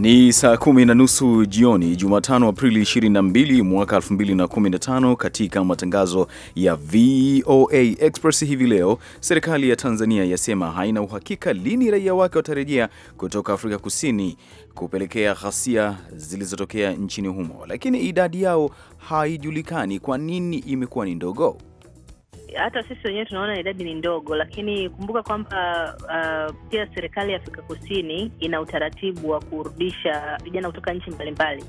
Ni saa kumi na nusu jioni Jumatano, Aprili 22 mwaka 2015. Katika matangazo ya VOA Express hivi leo, serikali ya Tanzania yasema haina uhakika lini raia wake watarejea kutoka Afrika Kusini kupelekea ghasia zilizotokea nchini humo, lakini idadi yao haijulikani. Kwa nini imekuwa ni ndogo? hata sisi wenyewe tunaona idadi ni ndogo, lakini kumbuka kwamba uh, pia serikali ya Afrika Kusini ina utaratibu wa kurudisha vijana kutoka nchi mbalimbali.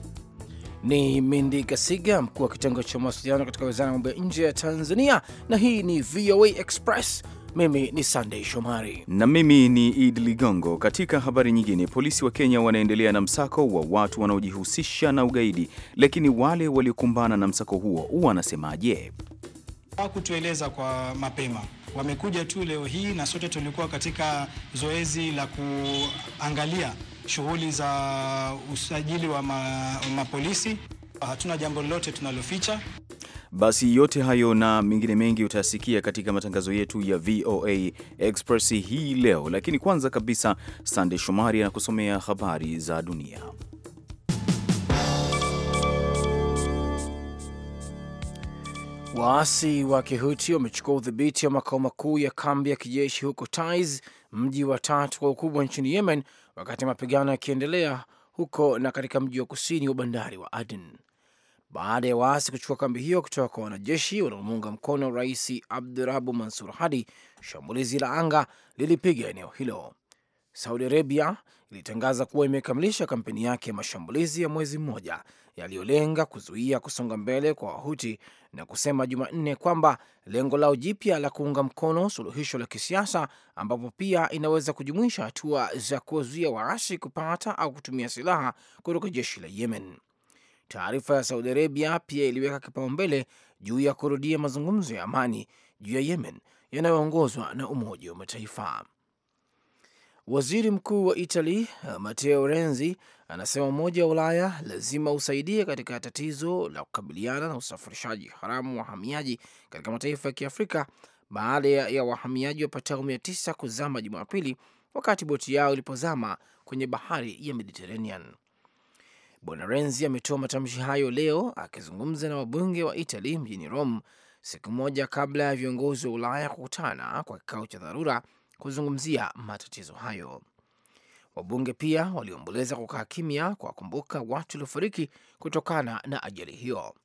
Ni Mindi Kasiga, mkuu wa kitengo cha mawasiliano katika wizara ya mambo ya nje ya Tanzania, na hii ni VOA Express. Mimi ni Sandey Shomari na mimi ni Id Ligongo. Katika habari nyingine, polisi wa Kenya wanaendelea na msako wa watu wanaojihusisha na ugaidi, lakini wale waliokumbana na msako huo wanasemaje? Hakutueleza kwa mapema, wamekuja tu leo hii, na sote tulikuwa katika zoezi la kuangalia shughuli za usajili wa ma, mapolisi. Hatuna jambo lolote tunaloficha. Basi yote hayo na mengine mengi utayasikia katika matangazo yetu ya VOA Express hii leo, lakini kwanza kabisa, Sande Shomari anakusomea habari za dunia. Waasi wa kihuti wamechukua udhibiti wa makao makuu ya kambi ya kijeshi huko Taiz, mji wa tatu kwa ukubwa nchini Yemen, wakati mapigano yakiendelea huko na katika mji wa kusini wa bandari wa Aden, baada ya waasi kuchukua kambi hiyo kutoka kwa wanajeshi wanaomuunga mkono Rais Abdurabu Mansur Hadi. Shambulizi la anga lilipiga eneo hilo. Saudi Arabia ilitangaza kuwa imekamilisha kampeni yake ya mashambulizi ya mwezi mmoja yaliyolenga kuzuia kusonga mbele kwa Wahuti na kusema Jumanne kwamba lengo lao jipya la kuunga mkono suluhisho la kisiasa ambapo pia inaweza kujumuisha hatua za kuwazuia waasi kupata au kutumia silaha kutoka jeshi la Yemen. Taarifa ya Saudi Arabia pia iliweka kipaumbele juu ya kurudia mazungumzo ya amani juu ya Yemen yanayoongozwa na Umoja wa Mataifa. Waziri mkuu wa itali uh, Matteo Renzi anasema Umoja wa Ulaya lazima usaidie katika tatizo la kukabiliana na usafirishaji haramu wa wahamiaji katika mataifa ya Kiafrika baada ya wahamiaji wapatao mia tisa kuzama Jumapili wakati boti yao ilipozama kwenye bahari ya Mediterranean. Bwana Renzi ametoa matamshi hayo leo akizungumza na wabunge wa itali mjini Rome, siku moja kabla ya viongozi wa Ulaya kukutana kwa kikao cha dharura kuzungumzia matatizo hayo. Wabunge pia waliomboleza kukaa kimya kuwakumbuka watu waliofariki kutokana na ajali hiyo.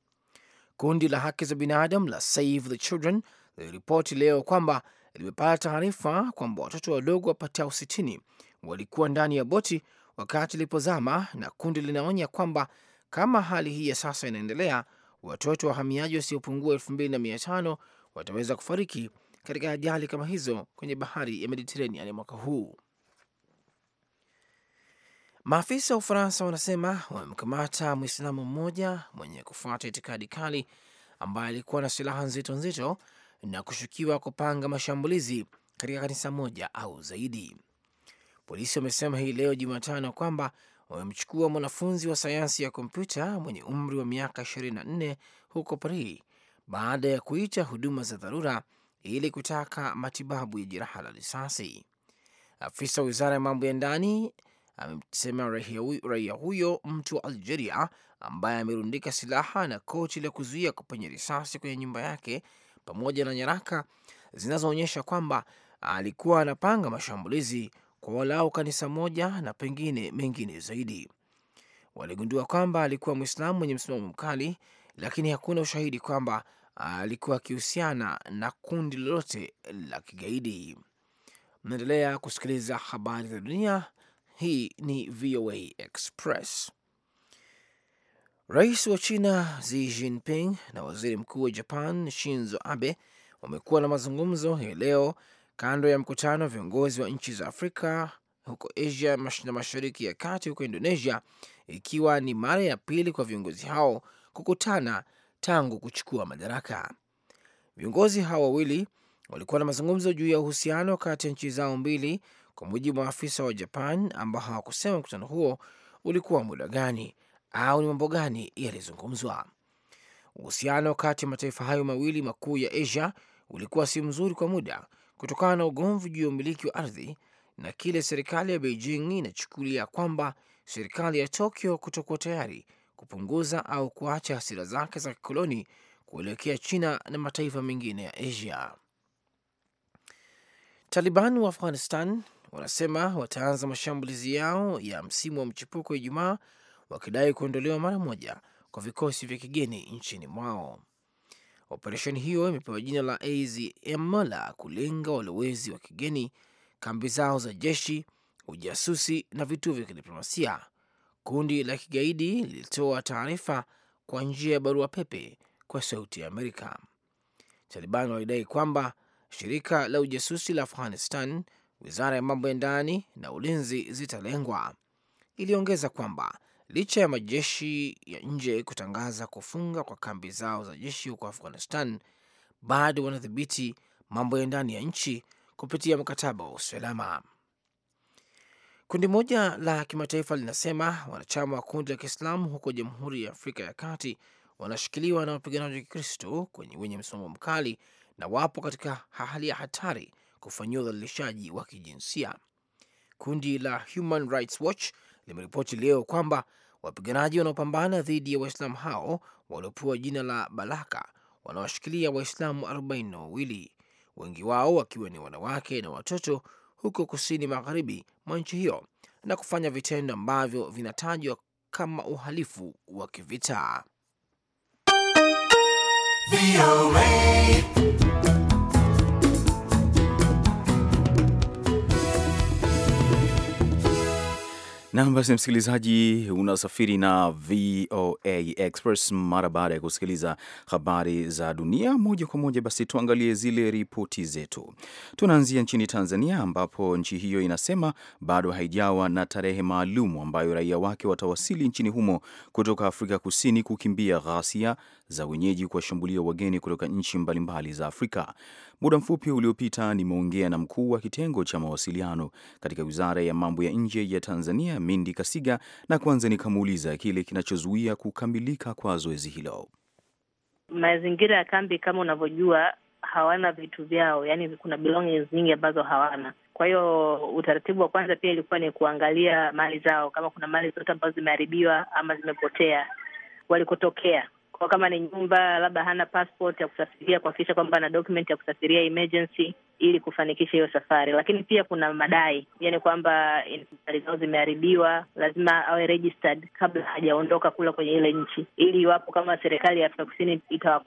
Kundi la haki za binadamu la Save the Children liliripoti leo kwamba limepata taarifa kwamba watoto wadogo wapatao sitini walikuwa ndani ya boti wakati ilipozama, na kundi linaonya kwamba kama hali hii ya sasa inaendelea, watoto wahamiaji wasiopungua elfu mbili na mia tano wataweza kufariki katika ajali kama hizo kwenye bahari ya Mediterranean mwaka huu. Maafisa wa Ufaransa wanasema wamemkamata Mwislamu mmoja mwenye kufuata itikadi kali ambaye alikuwa na silaha nzito nzito na kushukiwa kupanga mashambulizi katika kanisa moja au zaidi. Polisi wamesema hii leo Jumatano kwamba wamemchukua mwanafunzi wa sayansi ya kompyuta mwenye umri wa miaka 24 huko Paris baada ya kuita huduma za dharura ili kutaka matibabu ya jeraha la risasi. Afisa wa wizara ya mambo ya ndani amesema raia huyo mtu wa Algeria ambaye amerundika silaha na koti la kuzuia kupenya risasi kwenye nyumba yake pamoja na nyaraka zinazoonyesha kwamba alikuwa anapanga mashambulizi kwa walau kanisa moja na pengine mengine zaidi. Waligundua kwamba alikuwa Mwislamu mwenye msimamo mkali, lakini hakuna ushahidi kwamba alikuwa akihusiana na kundi lolote la kigaidi. Mnaendelea kusikiliza habari za dunia. Hii ni VOA Express. Rais wa China Xi Jinping na waziri mkuu wa Japan Shinzo Abe wamekuwa na mazungumzo hii leo kando ya mkutano wa viongozi wa nchi za Afrika huko Asia na mashariki ya kati huko Indonesia, ikiwa ni mara ya pili kwa viongozi hao kukutana tangu kuchukua madaraka. Viongozi hawa wawili walikuwa na mazungumzo juu ya uhusiano kati ya nchi zao mbili, kwa mujibu wa afisa wa Japan ambao hawakusema mkutano huo ulikuwa muda gani au ni mambo gani yalizungumzwa. Uhusiano kati ya mataifa hayo mawili makuu ya Asia ulikuwa si mzuri kwa muda kutokana na ugomvi juu ya umiliki wa ardhi na kile serikali ya Beijing inachukulia kwamba serikali ya Tokyo kutokuwa tayari kupunguza au kuacha hasira zake za kikoloni kuelekea China na mataifa mengine ya Asia. Taliban wa Afghanistan wanasema wataanza mashambulizi yao ya msimu wa mchipuko Ijumaa, wakidai kuondolewa mara moja kwa vikosi vya kigeni nchini mwao. Operesheni hiyo imepewa jina la AZM la kulenga walowezi wa kigeni, kambi zao za jeshi, ujasusi na vituo vya kidiplomasia Kundi la kigaidi lilitoa taarifa kwa njia ya barua pepe kwa Sauti ya Amerika. Taliban walidai kwamba shirika la ujasusi la Afghanistan, wizara ya mambo ya ndani na ulinzi zitalengwa. Iliongeza kwamba licha ya majeshi ya nje kutangaza kufunga kwa kambi zao za jeshi huko Afghanistan, bado wanadhibiti mambo ya ndani ya nchi kupitia mkataba wa usalama. Kundi moja la kimataifa linasema wanachama wa kundi la Kiislamu huko Jamhuri ya Afrika ya Kati wanashikiliwa na wapiganaji wa Kikristo wenye msimamo mkali na wapo katika hali ya hatari kufanyiwa udhalilishaji wa kijinsia. Kundi la Human Rights Watch limeripoti leo kwamba wapiganaji wanaopambana dhidi ya Waislamu hao waliopewa jina la Balaka wanawashikilia Waislamu arobaini na wawili, wengi wao wakiwa ni wanawake na watoto huko kusini magharibi mwa nchi hiyo na kufanya vitendo ambavyo vinatajwa kama uhalifu wa kivita. Nam, basi msikilizaji, unasafiri na VOA Express mara baada ya kusikiliza habari za dunia moja kwa moja. Basi tuangalie zile ripoti zetu. Tunaanzia nchini Tanzania, ambapo nchi hiyo inasema bado haijawa na tarehe maalum ambayo raia wake watawasili nchini humo kutoka Afrika Kusini kukimbia ghasia za wenyeji kuwashambulia wageni kutoka nchi mbalimbali za Afrika. Muda mfupi uliopita nimeongea na mkuu wa kitengo cha mawasiliano katika Wizara ya Mambo ya Nje ya Tanzania, Mindi Kasiga, na kwanza nikamuuliza kile kinachozuia kukamilika kwa zoezi hilo. Mazingira ya kambi kama unavyojua hawana vitu vyao, yani kuna belongings nyingi ambazo hawana. Kwa hiyo utaratibu wa kwanza pia ilikuwa ni kuangalia mali zao, kama kuna mali zote ambazo zimeharibiwa ama zimepotea walikotokea kwa kama ni nyumba labda hana passport ya kusafiria, kuhakikisha kwamba ana document ya kusafiria emergency ili kufanikisha hiyo safari. Lakini pia kuna madai, yani kwamba safari zao zimeharibiwa, lazima awe registered kabla hajaondoka kula kwenye ile nchi, ili iwapo kama serikali ya Afrika Kusini itawa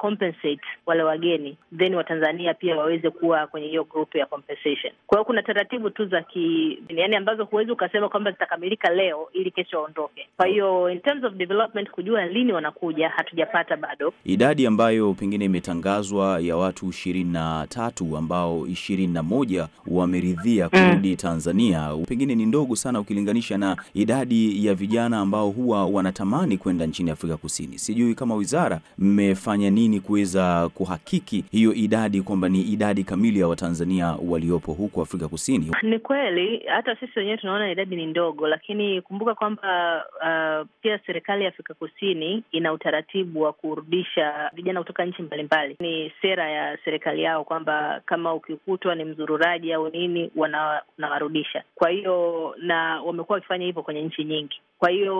wale wageni, then Watanzania pia waweze kuwa kwenye hiyo group ya compensation. Kwa hiyo kuna taratibu tu za ki, yani ambazo huwezi ukasema kwamba zitakamilika leo ili kesho waondoke. Kwa hiyo in terms of development, kujua lini wanakuja hatujapata bado. Idadi ambayo pengine imetangazwa ya watu ishirini na tatu ambao 21 wameridhia mm. kurudi mm. Tanzania, pengine ni ndogo sana ukilinganisha na idadi ya vijana ambao huwa wanatamani kwenda nchini Afrika Kusini. Sijui kama wizara mmefanya nini kuweza kuhakiki hiyo idadi kwamba ni idadi kamili ya Watanzania waliopo huko Afrika Kusini. Ni kweli hata sisi wenyewe tunaona idadi ni ndogo, lakini kumbuka kwamba uh, pia serikali ya Afrika Kusini ina utaratibu wa kurudisha vijana kutoka nchi mbalimbali. Ni sera ya serikali yao kwamba kama uki wanakutwa ni mzururaji au nini, wanawarudisha. Kwa hiyo na wamekuwa wakifanya hivyo kwenye nchi nyingi. Kwa hiyo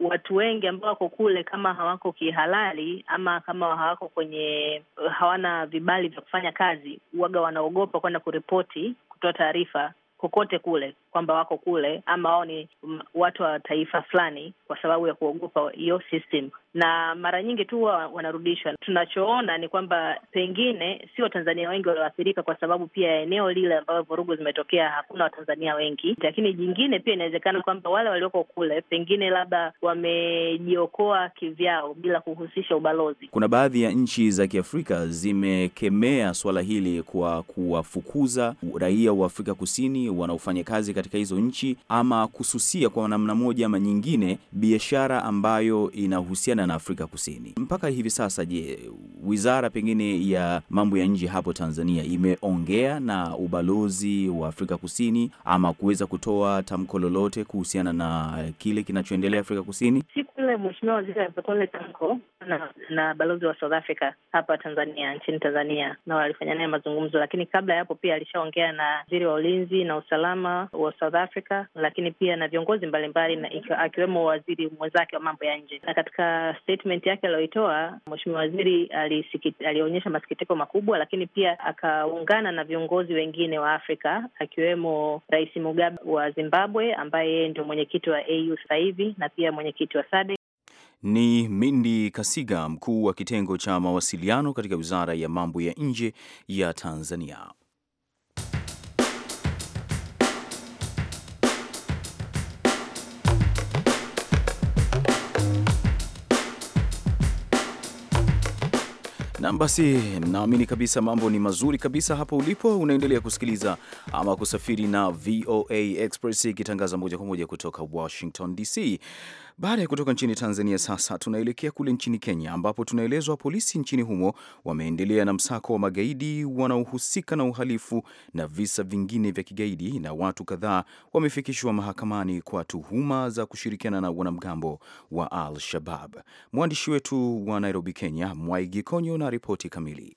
watu wengi ambao wako kule, kama hawako kihalali ama kama hawako kwenye, hawana vibali vya kufanya kazi, waga wanaogopa kwenda kuripoti, kutoa taarifa kokote kule kwamba wako kule ama wao ni watu wa taifa fulani, kwa sababu ya kuogopa hiyo system na mara nyingi tu huwa wanarudishwa. Tunachoona ni kwamba pengine sio Watanzania wengi walioathirika, kwa sababu pia eneo lile ambayo vurugu zimetokea hakuna Watanzania wengi. Lakini jingine pia inawezekana kwamba wale walioko kule pengine labda wamejiokoa kivyao bila kuhusisha ubalozi. Kuna baadhi ya nchi za Kiafrika zimekemea swala hili kwa kuwafukuza raia wa Afrika Kusini wanaofanya kazi katika hizo nchi ama kususia kwa namna moja ama nyingine biashara ambayo inahusiana Ghana na Afrika Kusini. Mpaka hivi sasa, je, wizara pengine ya mambo ya nje hapo Tanzania imeongea na ubalozi wa Afrika Kusini ama kuweza kutoa tamko lolote kuhusiana na kile kinachoendelea Afrika Kusini? Siku ile mheshimiwa waziri alipotoa tamko na, na balozi wa South Africa hapa Tanzania, nchini Tanzania, na walifanya naye mazungumzo, lakini kabla ya hapo pia alishaongea na waziri wa ulinzi na usalama wa South Africa, lakini pia na viongozi mbalimbali, akiwemo waziri mwenzake wa mambo ya nje na katika statement yake aliyoitoa mheshimiwa waziri alionyesha masikitiko makubwa, lakini pia akaungana na viongozi wengine wa Afrika akiwemo Rais Mugabe wa Zimbabwe ambaye yeye ndio mwenyekiti wa AU sasa hivi na pia mwenyekiti wa SADC. E Ni Mindi Kasiga, mkuu wa kitengo cha mawasiliano katika wizara ya mambo ya nje ya Tanzania. Nam, basi naamini kabisa mambo ni mazuri kabisa hapo ulipo, unaendelea kusikiliza ama kusafiri na VOA Express ikitangaza moja kwa moja kutoka Washington DC. Baada ya kutoka nchini Tanzania, sasa tunaelekea kule nchini Kenya, ambapo tunaelezwa polisi nchini humo wameendelea na msako wa magaidi wanaohusika na uhalifu na visa vingine vya kigaidi, na watu kadhaa wamefikishwa mahakamani kwa tuhuma za kushirikiana na wanamgambo wa Al Shabab. Mwandishi wetu wa Nairobi, Kenya, Mwaigi Konyo na ripoti kamili.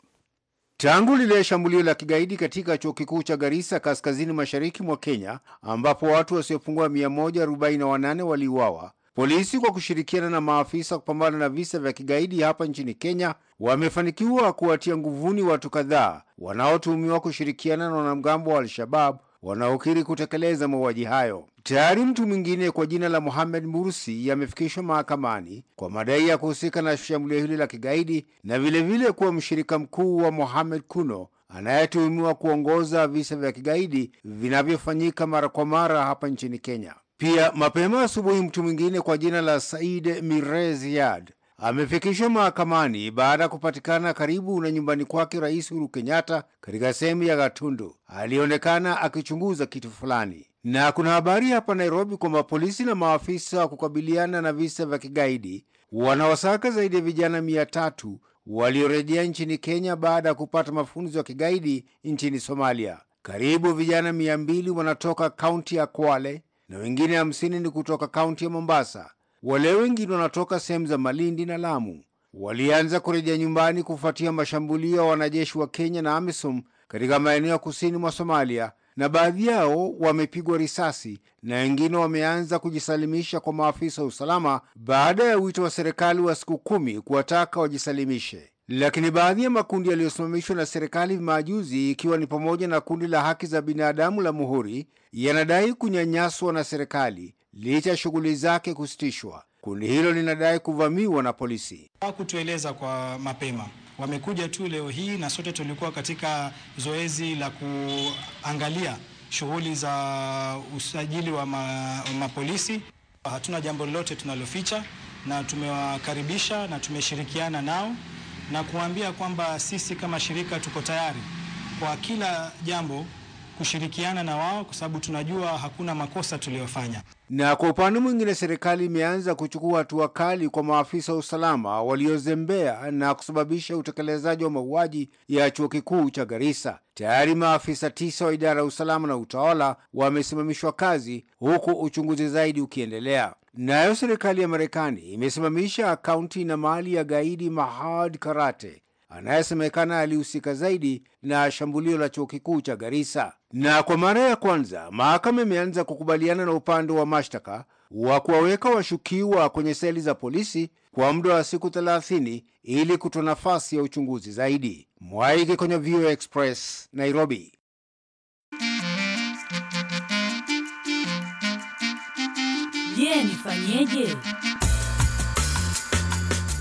Tangu lile shambulio la kigaidi katika chuo kikuu cha Garissa kaskazini mashariki mwa Kenya, ambapo watu wasiopungua 148 waliuawa Polisi kwa kushirikiana na maafisa kupambana na visa vya kigaidi hapa nchini Kenya wamefanikiwa kuwatia nguvuni watu kadhaa wanaotuhumiwa kushirikiana na wanamgambo wa Al-Shabab wanaokiri kutekeleza mauaji hayo. Tayari mtu mwingine kwa jina la Mohamed Mursi amefikishwa mahakamani kwa madai ya kuhusika na shambulio hili la kigaidi na vilevile vile kuwa mshirika mkuu wa Mohamed Kuno anayetuhumiwa kuongoza visa vya kigaidi vinavyofanyika mara kwa mara hapa nchini Kenya. Pia mapema asubuhi, mtu mwingine kwa jina la Said Mirez Yad amefikishwa mahakamani baada ya kupatikana karibu na nyumbani kwake Rais Uhuru Kenyatta katika sehemu ya Gatundu. Alionekana akichunguza kitu fulani. Na kuna habari hapa Nairobi kwamba polisi na maafisa wa kukabiliana na visa vya kigaidi wanawasaka zaidi ya vijana mia tatu waliorejea nchini Kenya baada ya kupata mafunzo ya kigaidi nchini Somalia. Karibu vijana mia mbili wanatoka kaunti ya Kwale na wengine hamsini ni kutoka kaunti ya Mombasa. Wale wengine wanatoka sehemu za Malindi na Lamu. Walianza kurejea nyumbani kufuatia mashambulio ya wanajeshi wa Kenya na AMISOM katika maeneo ya kusini mwa Somalia, na baadhi yao wamepigwa risasi na wengine wameanza kujisalimisha kwa maafisa wa usalama baada ya wito wa serikali wa siku kumi kuwataka wajisalimishe. Lakini baadhi ya makundi yaliyosimamishwa na serikali majuzi, ikiwa ni pamoja na kundi la haki za binadamu la Muhuri, yanadai kunyanyaswa na serikali licha ya shughuli zake kusitishwa. Kundi hilo linadai kuvamiwa na polisi. Hawakutueleza kwa mapema, wamekuja tu leo hii, na sote tulikuwa katika zoezi la kuangalia shughuli za usajili wa mapolisi. Hatuna jambo lolote tunaloficha, na tumewakaribisha na tumeshirikiana nao na kuambia kwamba sisi kama shirika tuko tayari kwa kila jambo kushirikiana na wao kwa sababu tunajua hakuna makosa tuliyofanya. Na kwa upande mwingine, serikali imeanza kuchukua hatua kali kwa maafisa wa usalama waliozembea na kusababisha utekelezaji wa mauaji ya chuo kikuu cha Garissa. Tayari maafisa tisa wa idara ya usalama na utawala wamesimamishwa kazi huku uchunguzi zaidi ukiendelea. Nayo serikali ya Marekani imesimamisha akaunti na mali ya gaidi Mahad Karate anayesemekana alihusika zaidi na shambulio la chuo kikuu cha Garissa. Na kwa mara ya kwanza mahakama imeanza kukubaliana na upande wa mashtaka wa kuwaweka washukiwa kwenye seli za polisi kwa muda wa siku 30 ili kutoa nafasi ya uchunguzi zaidi. Mwaige kwenye VOA Express, Nairobi. Je, nifanyeje?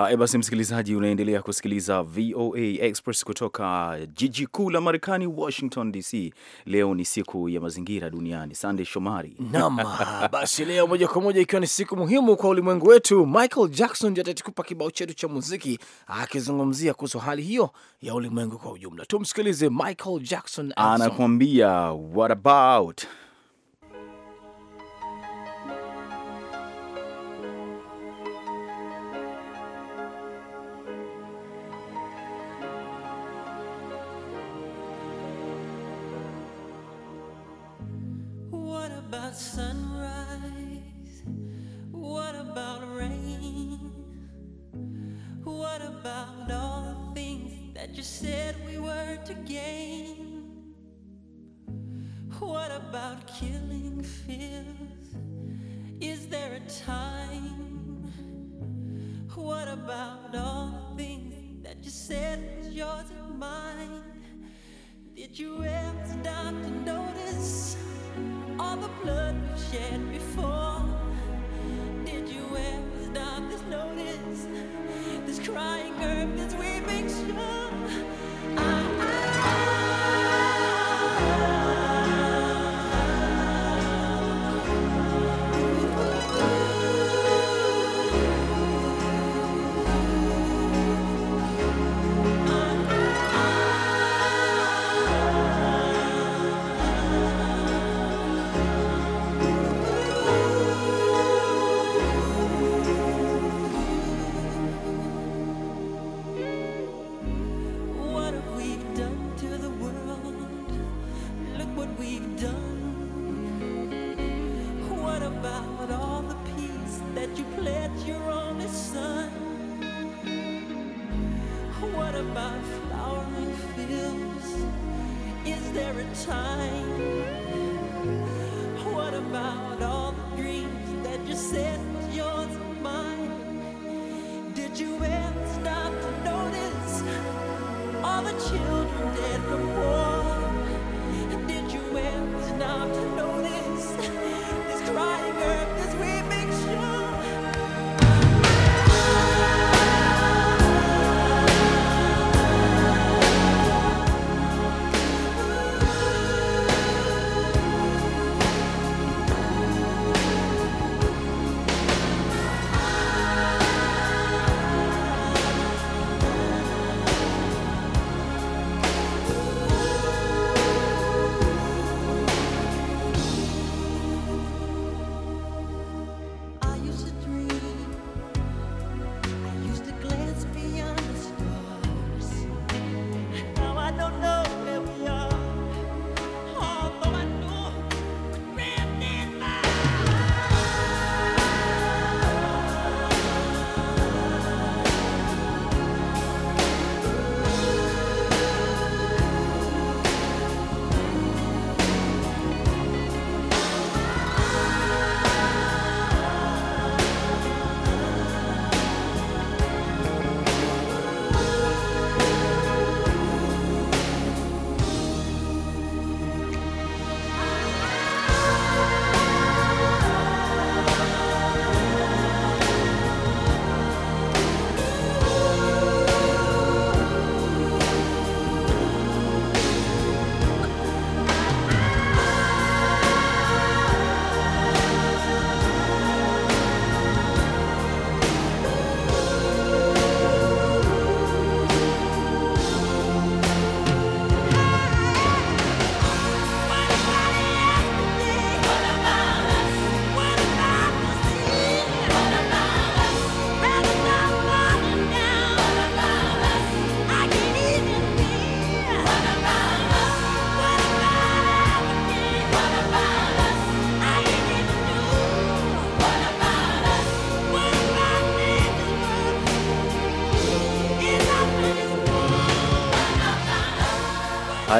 Haya ah, eh, basi, msikilizaji, unaendelea kusikiliza VOA Express kutoka jiji kuu la Marekani, Washington DC. Leo ni siku ya mazingira duniani. sandey Shomari nam basi, leo moja kwa moja, ikiwa ni siku muhimu kwa ulimwengu wetu, Michael Jackson ndiye atatupa kibao chetu cha muziki akizungumzia kuhusu hali hiyo ya ulimwengu kwa ujumla. Tumsikilize Michael Jackson, anakuambia what about no.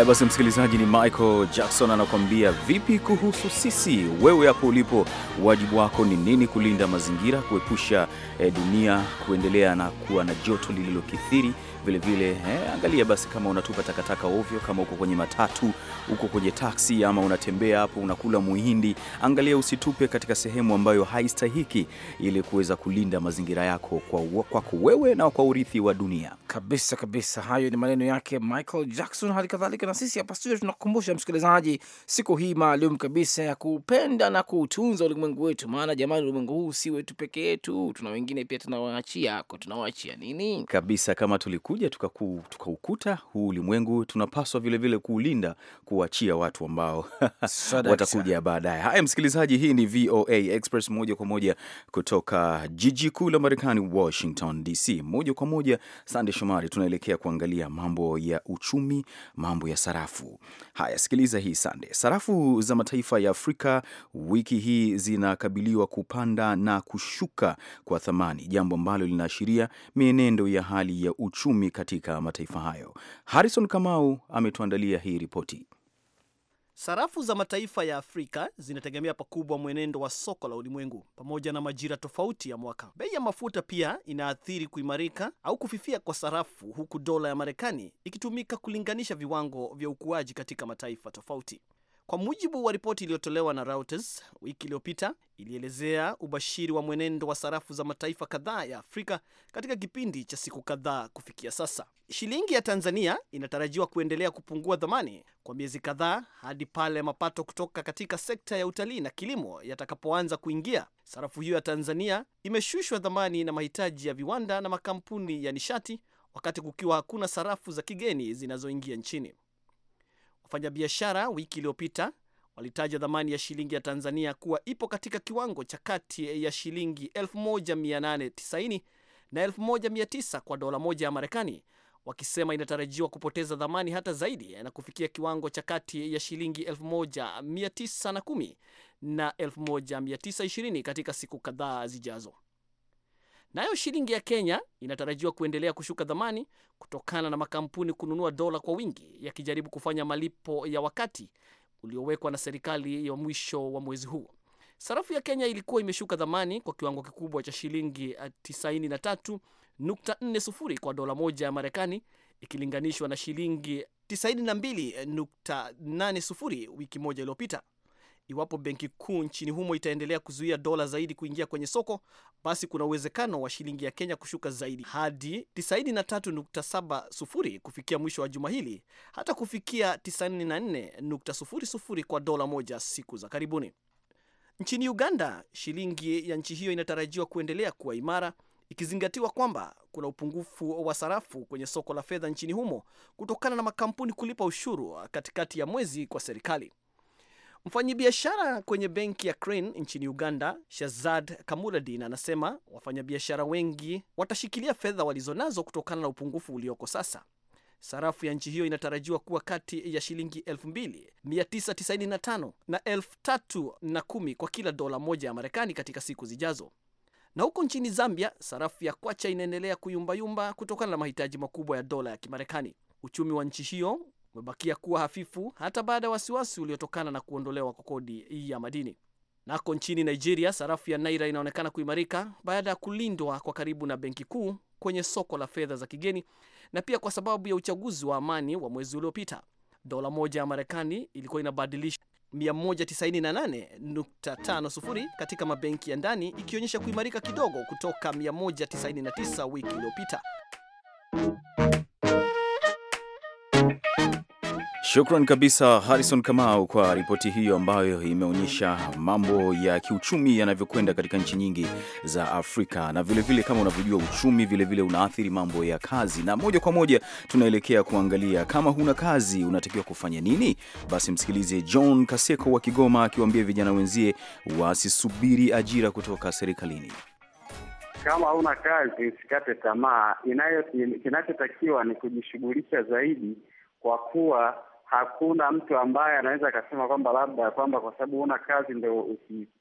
Haya basi, msikilizaji, ni Michael Jackson anakuambia vipi kuhusu sisi. Wewe hapo ulipo, wajibu wako ni nini? Kulinda mazingira, kuepusha eh, dunia kuendelea na kuwa na joto lililokithiri vilevile eh, angalia basi kama unatupa takataka ovyo, kama uko kwenye matatu, uko kwenye taksi, ama unatembea hapo unakula muhindi, angalia usitupe katika sehemu ambayo haistahiki, ili kuweza kulinda mazingira yako kwako kwa wewe na kwa urithi wa dunia. Kabisa kabisa, hayo ni maneno yake Michael Jackson. Hali kadhalika na sisi hapa studio tunakukumbusha msikilizaji, siku hii maalum kabisa ya kupenda na kuutunza ulimwengu wetu. Maana jamani, ulimwengu huu si wetu peke yetu, tuna wengine pia tunawaachia. Kwa tunawaachia nini kabisa, kama tulikuja tukaukuta tuka huu ulimwengu, tunapaswa vilevile kuulinda, kuachia watu ambao watakuja baadaye. Haya msikilizaji, hii ni VOA Express moja kwa moja kutoka jiji kuu la Marekani, Washington DC. Moja kwa moja, Sande Shomari, tunaelekea kuangalia mambo ya uchumi, mambo ya sarafu. Haya, sikiliza hii Sande. Sarafu za mataifa ya Afrika wiki hii zinakabiliwa kupanda na kushuka kwa thamani, jambo ambalo linaashiria mienendo ya hali ya uchumi katika mataifa hayo. Harrison Kamau ametuandalia hii ripoti. Sarafu za mataifa ya Afrika zinategemea pakubwa mwenendo wa soko la ulimwengu pamoja na majira tofauti ya mwaka. Bei ya mafuta pia inaathiri kuimarika au kufifia kwa sarafu, huku dola ya Marekani ikitumika kulinganisha viwango vya ukuaji katika mataifa tofauti. Kwa mujibu wa ripoti iliyotolewa na Reuters wiki iliyopita, ilielezea ubashiri wa mwenendo wa sarafu za mataifa kadhaa ya Afrika katika kipindi cha siku kadhaa kufikia sasa. Shilingi ya Tanzania inatarajiwa kuendelea kupungua dhamani kwa miezi kadhaa hadi pale mapato kutoka katika sekta ya utalii na kilimo yatakapoanza kuingia. Sarafu hiyo ya Tanzania imeshushwa dhamani na mahitaji ya viwanda na makampuni ya nishati, wakati kukiwa hakuna sarafu za kigeni zinazoingia nchini. Wafanyabiashara wiki iliyopita walitaja thamani ya shilingi ya Tanzania kuwa ipo katika kiwango cha kati ya shilingi 1890 na 1900 kwa dola moja ya Marekani, wakisema inatarajiwa kupoteza thamani hata zaidi na kufikia kiwango cha kati ya shilingi 1910 na 1920 katika siku kadhaa zijazo. Nayo shilingi ya Kenya inatarajiwa kuendelea kushuka dhamani kutokana na makampuni kununua dola kwa wingi yakijaribu kufanya malipo ya wakati uliowekwa na serikali ya mwisho wa mwezi huu. Sarafu ya Kenya ilikuwa imeshuka dhamani kwa kiwango kikubwa cha shilingi 93.40 eh, kwa dola moja ya Marekani ikilinganishwa na shilingi 92.80 wiki moja iliyopita. Iwapo benki kuu nchini humo itaendelea kuzuia dola zaidi kuingia kwenye soko, basi kuna uwezekano wa shilingi ya Kenya kushuka zaidi hadi 93.70 kufikia mwisho wa juma hili, hata kufikia 94.00 kwa dola moja siku za karibuni. Nchini Uganda, shilingi ya nchi hiyo inatarajiwa kuendelea kuwa imara ikizingatiwa kwamba kuna upungufu wa sarafu kwenye soko la fedha nchini humo kutokana na makampuni kulipa ushuru katikati ya mwezi kwa serikali. Mfanyabiashara kwenye benki ya Crane nchini Uganda, Shazad Kamuradin, anasema wafanyabiashara wengi watashikilia fedha walizonazo kutokana na upungufu ulioko sasa. Sarafu ya nchi hiyo inatarajiwa kuwa kati ya shilingi 2995 na 3010 kwa kila dola moja ya Marekani katika siku zijazo. Na huko nchini Zambia, sarafu ya kwacha inaendelea kuyumbayumba kutokana na mahitaji makubwa ya dola ya Kimarekani. Uchumi wa nchi hiyo umebakia kuwa hafifu hata baada ya wasiwasi uliotokana na kuondolewa kwa kodi ya madini. Nako nchini Nigeria, sarafu ya naira inaonekana kuimarika baada ya kulindwa kwa karibu na benki kuu kwenye soko la fedha za kigeni na pia kwa sababu ya uchaguzi wa amani wa mwezi uliopita. Dola moja ya Marekani ilikuwa inabadilisha 198.50 katika mabenki ya ndani ikionyesha kuimarika kidogo kutoka 199 wiki iliyopita. Shukran kabisa Harrison Kamau kwa ripoti hiyo ambayo imeonyesha mambo ya kiuchumi yanavyokwenda katika nchi nyingi za Afrika, na vilevile vile kama unavyojua uchumi vilevile vile unaathiri mambo ya kazi, na moja kwa moja tunaelekea kuangalia kama huna kazi unatakiwa kufanya nini. Basi msikilize John Kaseko wa Kigoma akiwaambia vijana wenzie wasisubiri ajira kutoka serikalini. Kama huna kazi usikate tamaa, kinachotakiwa ni kujishughulisha zaidi kwa kuwa hakuna mtu ambaye anaweza akasema kwamba labda kwamba kwa sababu una kazi ndo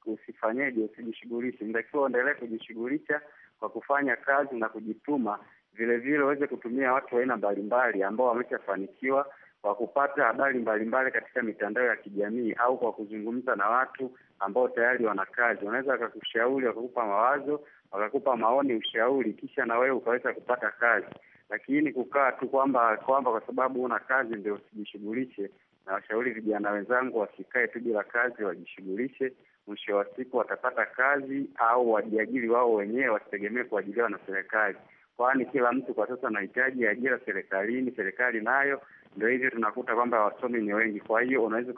usifanyeje usijishughulishe. Inatakiwa uendelee kujishughulisha kwa kufanya kazi na kujituma, vilevile uweze kutumia watu wa aina mbalimbali ambao wameshafanikiwa kwa kupata habari mbalimbali katika mitandao ya kijamii au kwa kuzungumza na watu ambao tayari wana kazi. Wanaweza wakakushauri, wakakupa mawazo, wakakupa maoni, ushauri, kisha na wewe ukaweza kupata kazi lakini kukaa tu kwamba kwamba kwa sababu una kazi ndio usijishughulishe. Na washauri vijana wenzangu wasikae tu bila kazi, wajishughulishe. Mwisho wa siku watapata kazi au wajiajiri wao wenyewe, wasitegemee kuajiliwa na serikali, kwani kila mtu kwa sasa anahitaji ajira serikalini. Serikali nayo ndio hivyo, tunakuta kwamba wasomi ni wengi. Kwa hiyo unaweza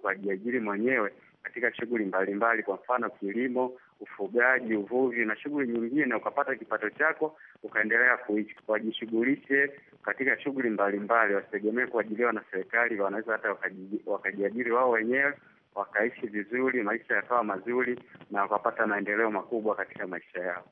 ukajiajiri mwenyewe katika shughuli mbalimbali, kwa mfano kilimo ufugaji, uvuvi na shughuli nyingine, ukapata kipato chako ukaendelea kuishi. Wajishughulishe katika shughuli mbalimbali, wasitegemee kuajiliwa na serikali, wanaweza hata wakajiajiri wao wenyewe wakaishi vizuri, maisha yakawa mazuri na wakapata maendeleo makubwa katika maisha yao.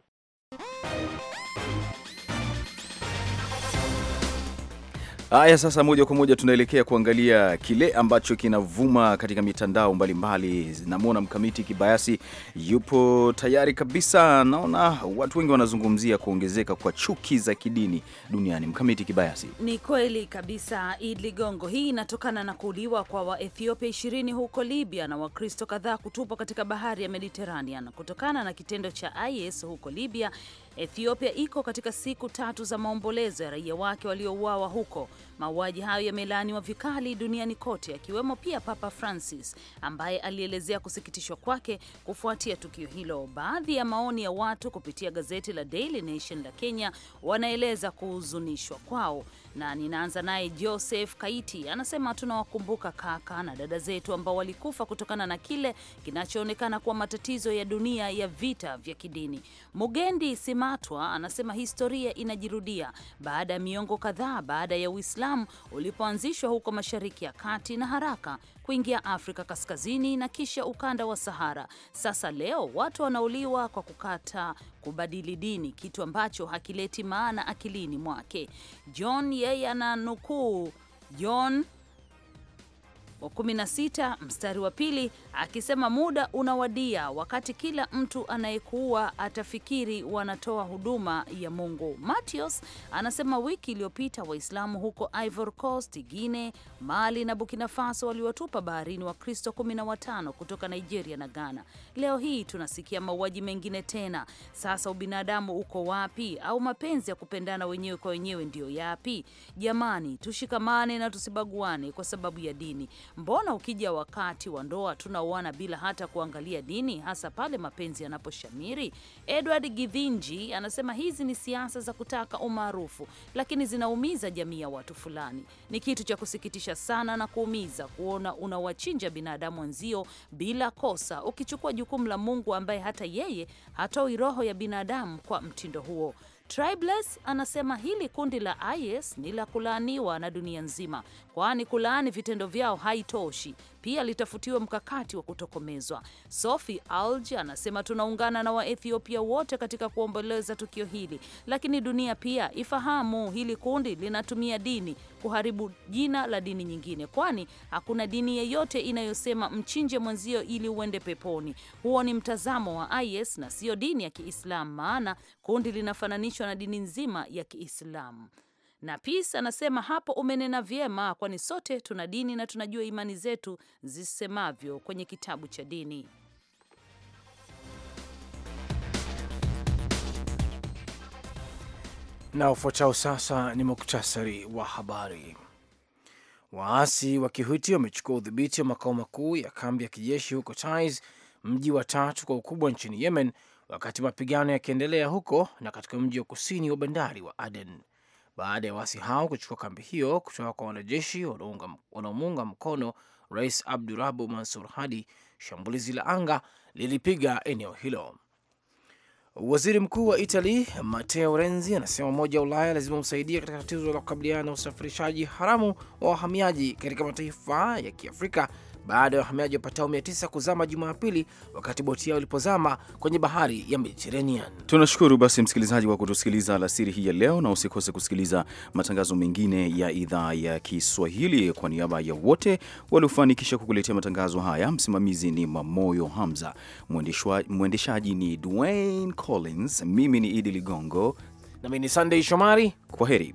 Haya, sasa moja kwa moja tunaelekea kuangalia kile ambacho kinavuma katika mitandao mbalimbali. Namwona mkamiti Kibayasi yupo tayari kabisa. Naona watu wengi wanazungumzia kuongezeka kwa chuki za kidini duniani. Mkamiti Kibayasi: ni kweli kabisa, Id Ligongo. Hii inatokana na kuuliwa kwa Waethiopia ishirini huko Libya na Wakristo kadhaa kutupwa katika bahari ya Mediterranean kutokana na kitendo cha IS huko Libya Ethiopia iko katika siku tatu za maombolezo ya raia wake waliouawa huko Mauaji hayo yamelaaniwa vikali duniani kote, akiwemo pia Papa Francis ambaye alielezea kusikitishwa kwake kufuatia tukio hilo. Baadhi ya maoni ya watu kupitia gazeti la Daily Nation la Kenya wanaeleza kuhuzunishwa kwao, na ninaanza naye Joseph Kaiti, anasema tunawakumbuka kaka na dada zetu ambao walikufa kutokana na kile kinachoonekana kuwa matatizo ya dunia ya vita vya kidini. Mugendi Simatwa anasema historia inajirudia baada ya miongo kadhaa baada ya Uislamu Kiislamu ulipoanzishwa huko Mashariki ya Kati na haraka kuingia Afrika Kaskazini na kisha ukanda wa Sahara. Sasa leo watu wanauliwa kwa kukata kubadili dini, kitu ambacho hakileti maana akilini mwake. John yeye ananukuu John wa 16 mstari wa pili akisema muda unawadia wakati kila mtu anayekuua atafikiri wanatoa huduma ya Mungu. Matios anasema wiki iliyopita Waislamu huko Ivory Coast, Mali na Burkina Faso waliwatupa baharini Wakristo 15 kutoka Nigeria na Ghana. Leo hii tunasikia mauaji mengine tena. Sasa ubinadamu uko wapi? Au mapenzi ya kupendana wenyewe kwa wenyewe ndiyo yapi? Jamani, tushikamane na tusibaguane kwa sababu ya dini. Mbona ukija wakati wa ndoa tuna wanaoana bila hata kuangalia dini, hasa pale mapenzi yanaposhamiri. Edward Givinji anasema hizi ni siasa za kutaka umaarufu, lakini zinaumiza jamii ya watu fulani. Ni kitu cha kusikitisha sana na kuumiza kuona unawachinja binadamu wenzio bila kosa, ukichukua jukumu la Mungu ambaye hata yeye hatoi roho ya binadamu kwa mtindo huo. Tribeless anasema hili kundi la IS ni la kulaaniwa na dunia nzima, kwani kulaani vitendo vyao haitoshi, pia litafutiwa mkakati wa kutokomezwa. Sophie Alge anasema tunaungana na Waethiopia wote katika kuomboleza tukio hili, lakini dunia pia ifahamu hili kundi linatumia dini kuharibu jina la dini nyingine, kwani hakuna dini yeyote inayosema mchinje mwenzio ili uende peponi. Huo ni mtazamo wa IS na sio dini ya Kiislamu, maana kundi linafananishwa na dini nzima ya Kiislamu. Na Peace anasema hapo umenena vyema, kwani sote tuna dini na tunajua imani zetu zisemavyo kwenye kitabu cha dini. Na ufuatao sasa ni muktasari wa habari. Waasi wa Kihuti wamechukua udhibiti wa makao makuu ya kambi ya kijeshi huko Taiz, mji wa tatu kwa ukubwa nchini Yemen, wakati mapigano yakiendelea huko na katika mji wa kusini wa bandari wa Aden baada ya waasi hao kuchukua kambi hiyo kutoka kwa wanajeshi wanaomuunga mkono Rais Abdurabu Mansur Hadi. Shambulizi la anga lilipiga eneo hilo. Waziri mkuu wa Itali Matteo Renzi anasema Umoja wa Ulaya lazima usaidia katika tatizo la kukabiliana na usafirishaji haramu wa wahamiaji katika mataifa ya Kiafrika baada ya wahamiaji wapatao 9 kuzama Jumapili wakati boti yao ilipozama kwenye bahari ya Mediterranean. Tunashukuru basi msikilizaji kwa kutusikiliza alasiri hii ya leo, na usikose kusikiliza matangazo mengine ya idhaa ya Kiswahili. Kwa niaba ya wote waliofanikisha kukuletea matangazo haya, msimamizi ni Mamoyo Hamza, mwendeshaji ni Dwayne Collins, mimi ni Idi Ligongo na mi ni sandey Shomari. Kwa heri.